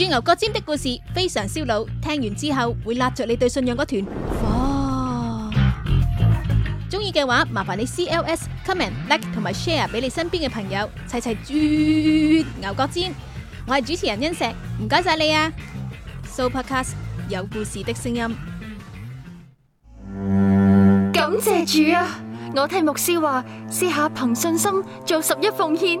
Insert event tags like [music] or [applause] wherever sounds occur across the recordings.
鑽牛角尖的故事非常燒腦，聽完之後會拉著你對信仰嗰團火。中意嘅話，麻煩你 CLS、Comment、Like 同埋 share 俾你身邊嘅朋友，齊齊鑽牛角尖。我係主持人恩石，唔該晒你啊！Sooopodcast 有故事的聲音，感謝主啊！我聽牧師話，試下憑信心做十一奉獻。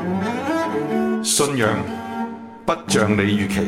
信仰不像你預期。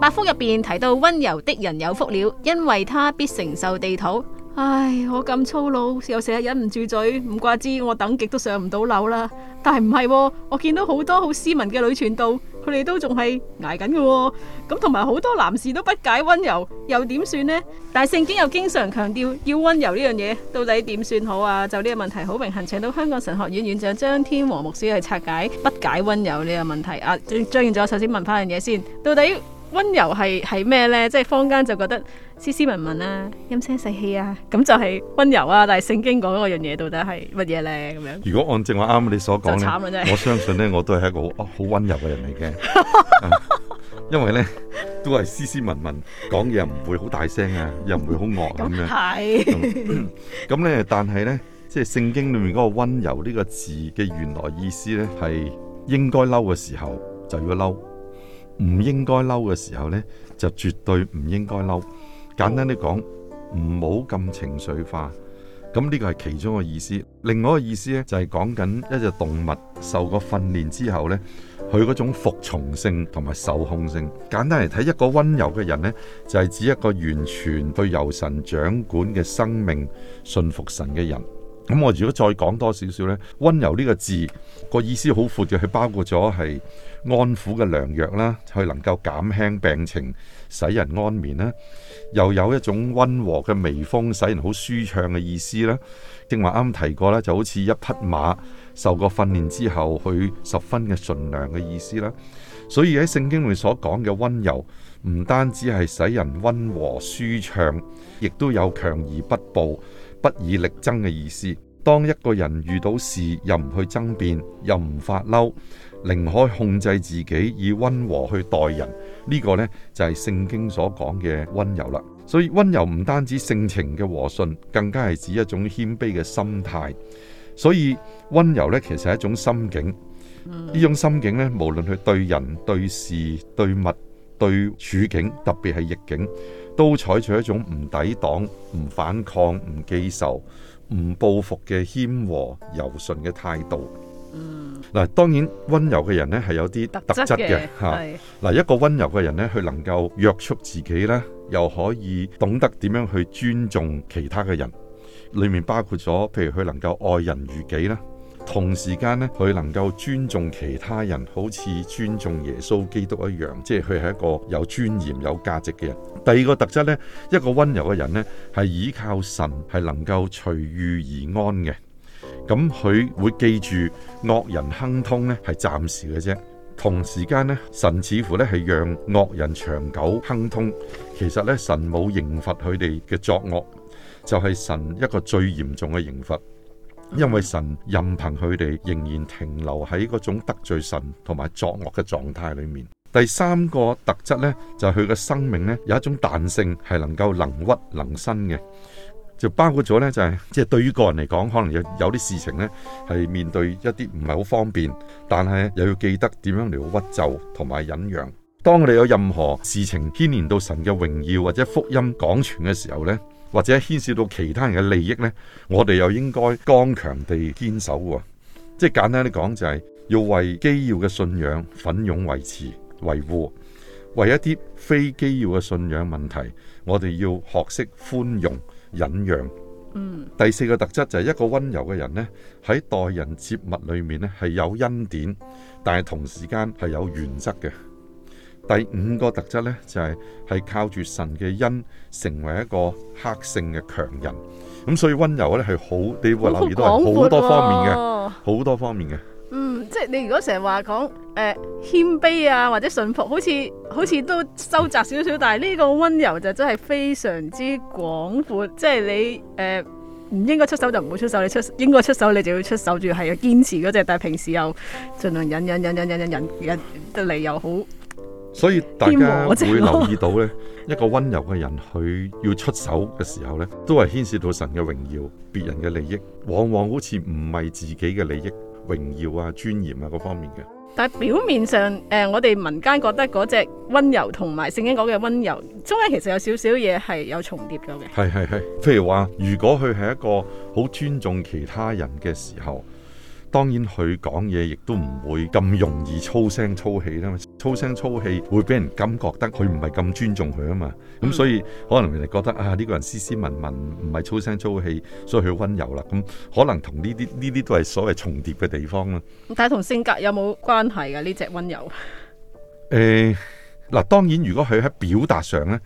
八福入邊提到溫柔的人有福了，因為他必承受地土。唉，我咁粗魯，又成日忍唔住嘴，唔怪之我等極都上唔到樓啦。但係唔係？我見到好多好斯文嘅女傳道。你都仲係挨緊嘅，咁同埋好多男士都不解溫柔，又點算呢？但聖經又經常強調要溫柔呢樣嘢，到底點算好啊？就呢個問題，好榮幸請到香港神學院院長張天和牧師去拆解不解溫柔呢個問題。啊，張院長，首先問翻樣嘢先，到底？溫柔係係咩咧？即係坊間就覺得斯斯文文啊，陰聲細氣啊，咁就係溫柔啊。但係聖經講嗰樣嘢到底係乜嘢咧？咁樣如果按正我啱你所講咧，我相信咧，我都係一個好溫柔嘅人嚟嘅、 [laughs] 啊，因為咧都係斯斯文文，講嘢又唔會好大聲啊，又唔會好惡咁樣。係咁咧， [laughs] 但係咧，即係聖經裏面嗰個溫柔呢個字嘅原來意思咧，係應該嬲嘅時候就要嬲。唔應該嬲嘅時候呢，就絕對唔應該嬲。簡單啲講，唔好咁情緒化。咁呢個係其中嘅意思。另外一個意思呢，就係講緊一隻動物受過訓練之後呢，佢嗰種服從性同埋受控性。簡單嚟睇，一個溫柔嘅人呢，就係指一個完全對由神掌管嘅生命順服神嘅人。咁我如果再講多少少呢？「溫柔」呢個字，個意思好闊嘅，係包括咗係安撫嘅良藥啦，去能夠減輕病情，使人安眠啦，又有一種溫和嘅微風，使人好舒暢嘅意思啦。正話啱啱提過咧，就好似一匹馬受過訓練之後，佢十分嘅順良嘅意思啦。所以喺聖經裏所講嘅溫柔，唔單止係使人溫和舒暢，亦都有強而不暴。不以力爭嘅意思，當一個人遇到事又唔去爭辯，又唔發嬲，寧可控制自己以温和去待人，呢個呢，就係聖經所講嘅温柔啦。所以温柔唔單止性情嘅和順，更加係指一種謙卑嘅心態。所以温柔呢，其實係一種心境，呢種心境呢，無論佢對人、對事、對物、對處境，特別係逆境，都採取一種唔抵擋、唔反抗、唔記仇、唔報復嘅謙和柔順嘅態度。嗯，嗱，當然温柔嘅人咧係有啲特質嘅嚇。嗱，一個温柔嘅人咧，佢能夠約束自己啦，又可以懂得點樣去尊重其他嘅人，裡面包括咗譬如佢能夠愛人如己啦。同時間咧，佢能夠尊重其他人，好似尊重耶穌基督一樣，即係佢係一個有尊嚴、有價值嘅人。第二個特質咧，一個温柔嘅人咧，係依靠神，係能夠隨遇而安嘅。咁佢會記住惡人亨通咧係暫時嘅啫。同時間咧，神似乎咧係讓惡人長久亨通，其實咧神冇刑罰佢哋嘅作惡，就係神一個最嚴重嘅刑罰。因為神任憑佢哋，仍然停留喺嗰種得罪神同埋作惡嘅狀態裏面。第三個特質呢，就係佢嘅生命呢，有一種彈性係能夠能屈能伸嘅，就包括咗呢，就係即係對於個人嚟講，可能有有啲事情呢，係面對一啲唔係好方便，但係又要記得點樣嚟屈就同埋忍讓。當我哋有任何事情牽連到神嘅榮耀或者福音廣傳嘅時候呢，或者牽涉到其他人嘅利益呢，我哋又應該剛強地堅守喎。即係簡單啲講，就是，就係要為基要嘅信仰奮勇維持、維護。為一啲非基要嘅信仰問題，我哋要學識寬容、忍讓。嗯。第四個特質就係一個温柔嘅人呢，喺待人接物裏面咧係有恩典，但係同時間係有原則嘅。第五個特質咧就係係靠住神嘅恩成為一個黑性嘅強人，咁所以温柔咧係好，你會留意到都係好多方面嘅，好、啊、多方面嘅。嗯，即係你如果成日話講誒謙卑啊或者信服，好似好似都收窄少少，但係呢個温柔就真係非常之廣闊，即係你誒唔、呃、應該出手就唔會出手，你出應該出手你就要出手，住係堅持嗰隻，但係平時又儘量忍忍忍忍忍忍忍得嚟又好。所以大家會留意到呢一個溫柔嘅人，佢要出手嘅時候呢，都係牽涉到神嘅榮耀、別人嘅利益，往往好似唔係自己嘅利益、榮耀啊、尊嚴啊嗰方面嘅。但係表面上，誒、呃，我哋民間覺得嗰隻溫柔同埋聖經講嘅溫柔中間其實有少少嘢係有重疊咗嘅。係係係，譬如話，如果佢係一個好尊重其他人嘅時候，當然佢講嘢亦都唔會咁容易粗聲粗氣啦粗聲粗氣會俾人感覺得佢唔係咁尊重佢啊嘛，咁所以可能人哋覺得啊呢個人斯斯文文，唔係粗聲粗氣，所以佢温柔啦。咁可能同呢啲呢啲都係所謂重疊嘅地方啦。但係同性格有冇關係噶呢隻温柔？誒，嗱，當然如果佢喺表達上咧。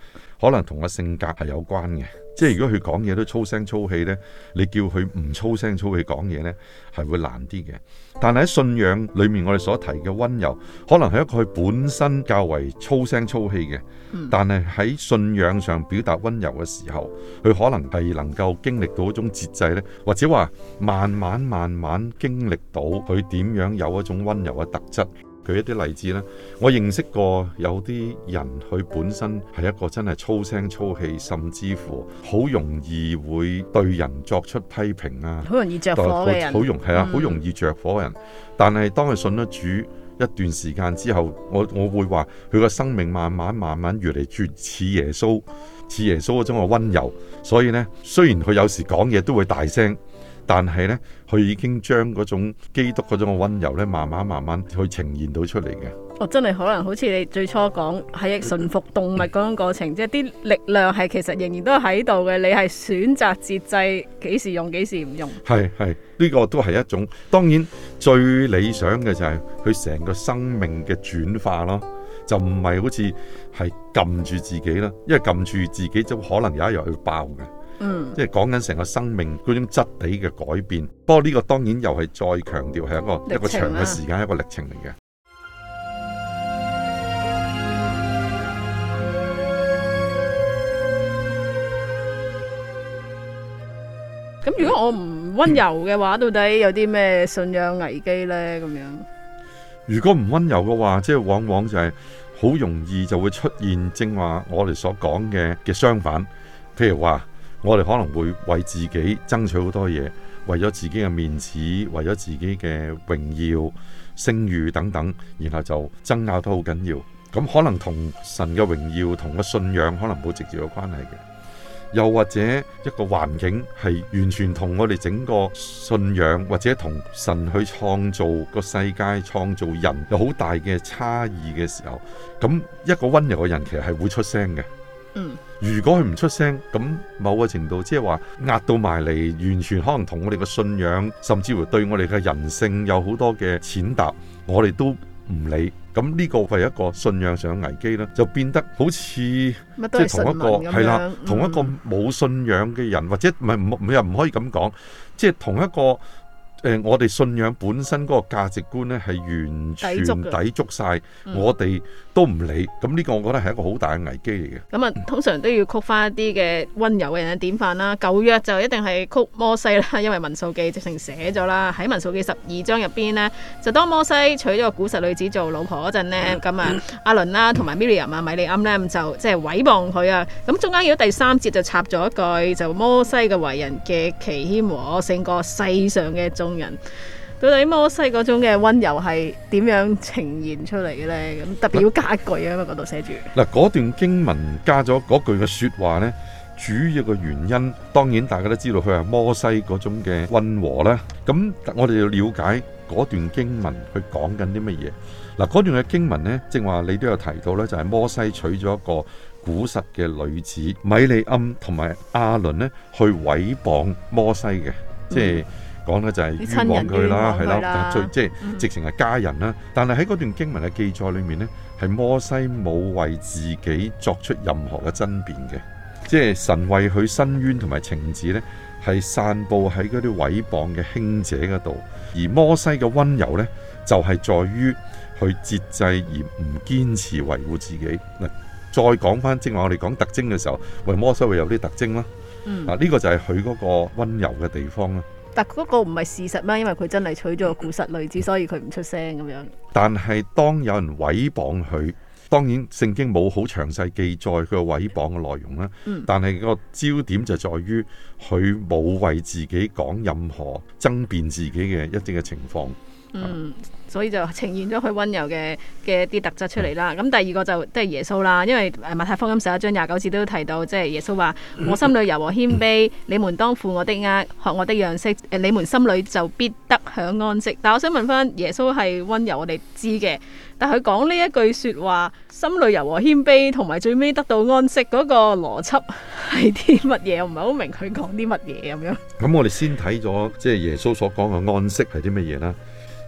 可能同個性格係有關嘅，即係如果佢講嘢都粗聲粗氣呢，你叫佢唔粗聲粗氣講嘢呢，係會難啲嘅。但係喺信仰裏面，我哋所提嘅溫柔，可能係一個佢本身較為粗聲粗氣嘅，但係喺信仰上表達溫柔嘅時候，佢可能係能夠經歷到一種節制呢，或者話慢慢慢慢經歷到佢點樣有一種溫柔嘅特質。舉一啲例子咧，我認識過有啲人，佢本身係一個真係粗聲粗氣，甚至乎好容易會對人作出批評啊，好容易着火嘅人，好容係啊，好容易著火嘅人。啊人嗯、但係當佢信咗主一段時間之後，我我會話佢個生命慢慢慢慢越嚟越似耶穌，似耶穌嗰種嘅溫柔。所以呢，雖然佢有時講嘢都會大聲。但係咧，佢已經將嗰種基督嗰種溫柔咧，慢慢慢慢去呈現到出嚟嘅。哦，真係可能好似你最初講係馴服動物嗰種過程，即係啲力量係其實仍然都喺度嘅。你係選擇節制，幾時用，幾時唔用。係，係，呢個都係一種。當然最理想嘅就係佢成個生命嘅轉化咯，就唔係好似係撳住自己啦，因為撳住自己就可能有一日會爆嘅。嗯，即係講緊成個生命嗰種質地嘅改變。不過呢個當然又係再強調係一個、啊、一個長嘅時間，一個歷程嚟嘅。咁如果我唔温柔嘅話，嗯、到底有啲咩信仰危機呢？咁樣如果唔温柔嘅話，即、就、係、係、往往就係好容易就會出現正話我哋所講嘅嘅相反，譬如話。我哋可能會為自己爭取好多嘢，為咗自己嘅面子，為咗自己嘅榮耀、聲譽等等，然後就爭拗得好緊要。咁可能同神嘅榮耀同個信仰可能冇直接嘅關係嘅，又或者一個環境係完全同我哋整個信仰或者同神去創造個世界、創造人有好大嘅差異嘅時候，咁一個溫柔嘅人其實係會出聲嘅。嗯，如果佢唔出聲，咁某個程度即係話壓到埋嚟，完全可能同我哋嘅信仰，甚至乎對我哋嘅人性有好多嘅踐踏，我哋都唔理。咁呢個係一個信仰上嘅危機啦，就變得好似即係同一個係啦，同一個冇信仰嘅人，或者唔係唔唔又唔可以咁講，即係同一個。誒，我哋信仰本身嗰個價值觀咧，係完全抵觸晒，抵觸我哋都唔理。咁呢、嗯、個我覺得係一個好大嘅危機嚟嘅。咁啊、嗯，通常都要曲翻一啲嘅溫柔嘅人嘅典範啦。舊約就一定係曲摩西啦，因為民數記直情寫咗啦。喺民數記十二章入邊呢，就當摩西娶咗個古實女子做老婆嗰陣咧，咁、嗯、啊，阿倫啦同埋米利暗啊、米利暗咧咁就即係毀謗佢啊。咁中間如果第三節就插咗一句，就摩西嘅為人嘅極其謙和勝過世上嘅眾人到底摩西嗰種嘅温柔係點樣呈現出嚟嘅咧？咁特別要加一句啊，因為嗰度寫住嗱，嗰段經文加咗嗰句嘅說話咧，主要嘅原因，當然大家都知道佢係摩西嗰種嘅温和啦。咁我哋要了解嗰段經文講的是什麼，佢講緊啲乜嘢？嗱，嗰段嘅經文咧，正話你都有提到咧，就係、是、摩西娶咗一個古實嘅女子米利暗同埋亞倫咧，去誹謗摩西嘅，即係。嗯講咧就係冤枉佢啦，係啦，最、嗯、哼即係直情係家人啦。但係喺嗰段經文嘅記載裏面呢，係摩西冇為自己作出任何嘅爭辯嘅，即係神為佢申冤同埋情子呢，係散佈喺嗰啲毀謗嘅兄姐嗰度。而摩西嘅溫柔呢，就係、是、在於佢節制而唔堅持維護自己。嗱，再講翻正話我哋講特徵嘅時候，為摩西會有啲特徵啦。嗱、嗯，呢、啊呢個就係佢嗰個溫柔嘅地方啦。但嗰個唔係事實咩？因為佢真係娶咗個古實女子，所以佢唔出聲咁樣。但係當有人毀謗佢，當然聖經冇好詳細記載佢毀謗嘅內容啦。嗯，但係個焦點就在於佢冇為自己講任何爭辯自己嘅一啲嘅情況。嗯，所以就呈現咗佢溫柔嘅嘅啲特質出嚟啦。咁第二個就都係耶穌啦，因為誒《馬太福音》十一章廿九節都提到，即係耶穌話：嗯嗯、我心裏柔和謙卑，嗯嗯、你們當負我的軛，學我的樣式，你們心裏就必得享安息。但我想問翻，耶穌係溫柔，我哋知嘅，但佢講呢一句説話，心裏柔和謙卑，同埋最尾得到安息嗰個邏輯係啲乜嘢？我唔係好明佢講啲乜嘢咁樣。咁我哋先睇咗即係耶穌所講嘅安息係啲乜嘢啦。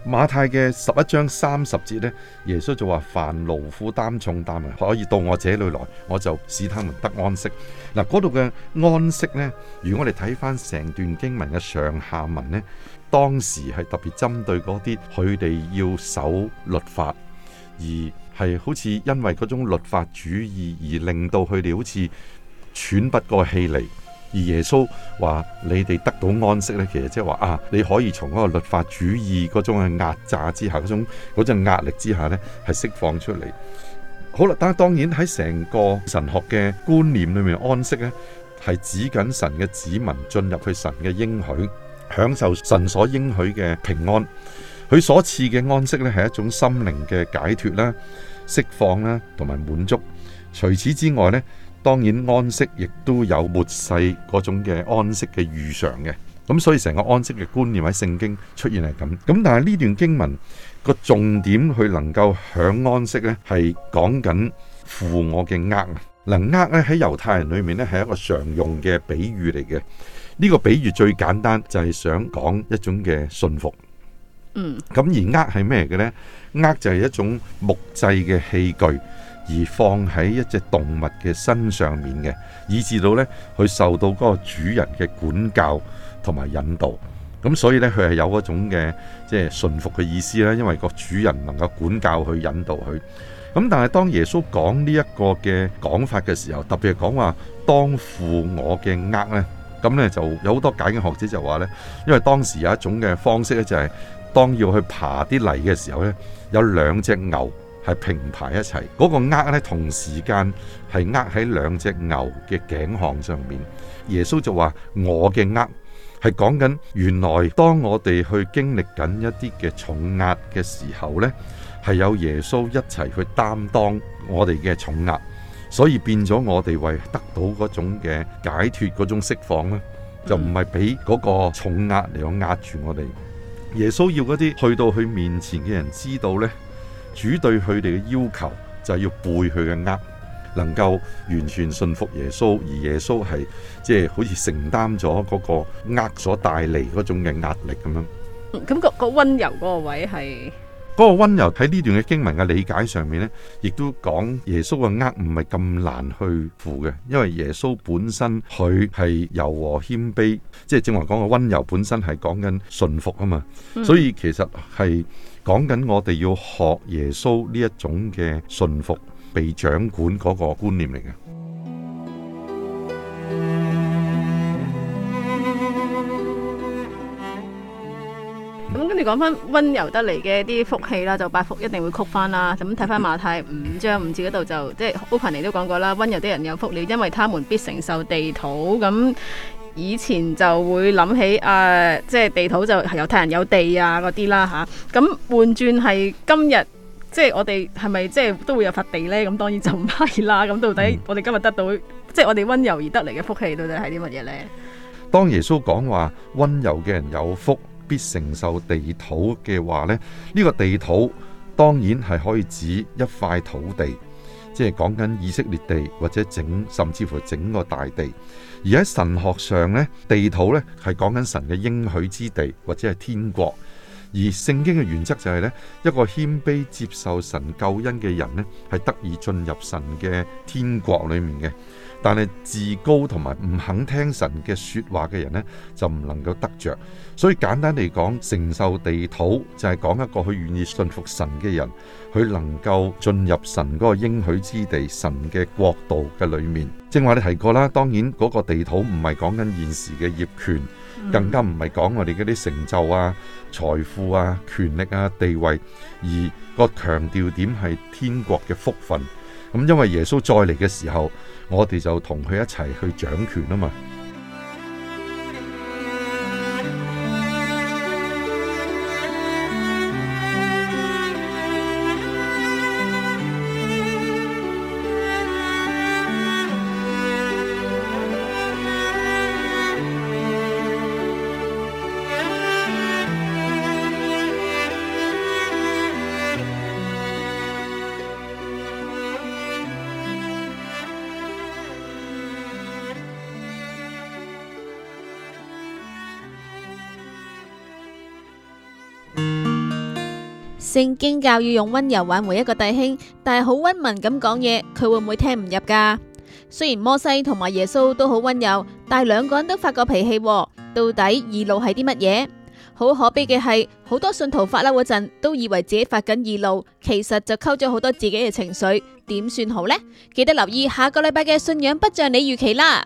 馬太嘅十一章三十節呢，耶穌就話：凡勞苦擔重擔嘅，可以到我這裏來，我就使他們得安息。嗱，嗰度嘅安息呢，如果我哋睇翻成段經文嘅上下文呢，當時係特別針對嗰啲佢哋要守律法，而係好似因為嗰種律法主義而令到佢哋好似喘不過氣嚟。而耶穌話：你哋得到安息咧，其實即係話啊，你可以從嗰個律法主義嗰種嘅壓榨之下，嗰種嗰陣壓力之下咧，係釋放出嚟。好啦，但係當然喺成個神學嘅觀念裏面，安息咧係指緊神嘅子民進入去神嘅應許，享受神所應許嘅平安。佢所賜嘅安息咧係一種心靈嘅解脫啦、釋放啦同埋滿足。除此之外呢。當然安息亦都有末世嗰種嘅安息嘅預象嘅，咁所以成個安息嘅觀念喺聖經出現係咁。咁但係呢段經文個重點，佢能夠享安息咧，係講緊負我嘅軛啊，能軛咧喺猶太人裏面咧係一個常用嘅比喻嚟嘅。呢個比喻最簡單就係想講一種嘅信服。嗯，咁而軛係咩嘅咧？軛就係一種木製嘅器具。而放喺一隻動物嘅身上面嘅，以至到呢，佢受到嗰個主人嘅管教同埋引導。咁所以呢，佢係有一種嘅即係順服嘅意思啦，因為個主人能夠管教佢、去引導佢。咁但係當耶穌講呢一個嘅講法嘅時候，特別係講話當負我嘅軛呢，咁呢就有好多解經學者就話呢，因為當時有一種嘅方式呢、就係，就係當要去爬啲泥嘅時候呢，有兩隻牛。係平排一齊，嗰、那個軛，咧同時間係軛，喺兩隻牛嘅頸項上面。耶穌就話：我嘅軛，係講緊，原來當我哋去經歷緊一啲嘅重壓嘅時候呢，係有耶穌一齊去擔當我哋嘅重壓，所以變咗我哋為得到嗰種嘅解脫，嗰種釋放呢就唔係俾嗰個重壓嚟到壓住我哋。耶穌要嗰啲去到佢面前嘅人知道呢。主對佢哋嘅要求就係要背佢嘅軛，能夠完全信服耶穌，而耶穌係即係好似承擔咗嗰個軛所帶嚟嗰種嘅壓力咁樣。咁個個溫柔嗰個位係嗰個溫柔喺呢段嘅經文嘅理解上面呢，亦都講耶穌嘅軛唔係咁難去負嘅，因為耶穌本身佢係柔和謙卑，即係正話講嘅溫柔本身係講緊順服啊嘛，所以其實係。講緊我哋要學耶穌呢一種嘅順服、被掌管嗰個觀念嚟嘅。咁跟住講翻温柔得嚟嘅一啲福氣啦，就八福一定會曲翻啦。咁睇翻馬太五章五節嗰度就，即係烏云尼都講過啦，温柔的人有福了，因為他們必承受地土。咁以前就會諗起誒、呃，即係地土就係有田有地啊嗰啲啦嚇。咁換轉係今日，即係我哋係咪即係都會有發地呢？咁當然就唔係啦。咁到底我哋今日得到，嗯、即係我哋溫柔而得嚟嘅福氣，到底係啲乜嘢呢？當耶穌講話溫柔嘅人有福，必承受地土嘅話呢，呢、呢個地土當然係可以指一塊土地，即係講緊以色列地，或者整甚至乎整個大地。而喺神學上呢，地土呢係講緊神嘅應許之地，或者係天國。而聖經嘅原則就係，呢一個謙卑接受神救恩嘅人呢，係得以進入神嘅天國裏面嘅。但係自高同埋唔肯聽神嘅說話嘅人呢，就唔能夠得着。所以簡單嚟講，承受地土就係講一個佢願意信服神嘅人，佢能夠進入神嗰個應許之地、神嘅國度嘅裏面。正話你提過啦，當然嗰個地土唔係講緊現時嘅業權，嗯、更加唔係講我哋嗰啲成就啊、財富啊、權力啊、地位，而個強調點係天國嘅福分。咁因為耶穌再嚟嘅時候，我哋就同佢一齊去掌權吖嘛。聖經教要用溫柔挽回一個弟兄，但係好溫文咁講嘢，佢會唔會聽唔入噶？雖然摩西同埋耶穌都好溫柔，但係兩個人都發過脾氣，到底義怒係啲乜嘢？好可悲嘅係，好多信徒發嬲嗰陣都以為自己發緊義怒，其實就溝咗好多自己嘅情緒，點算好呢？記得留意下個禮拜嘅信仰不像你預期啦。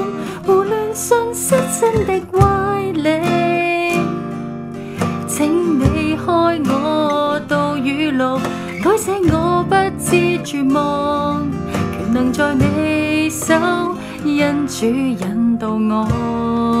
且我不知絕望，卻能在你手，因主引導我。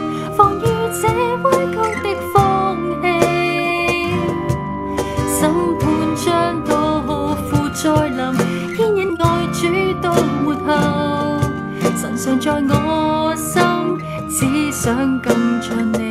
在我心， [noise] 只想更像你。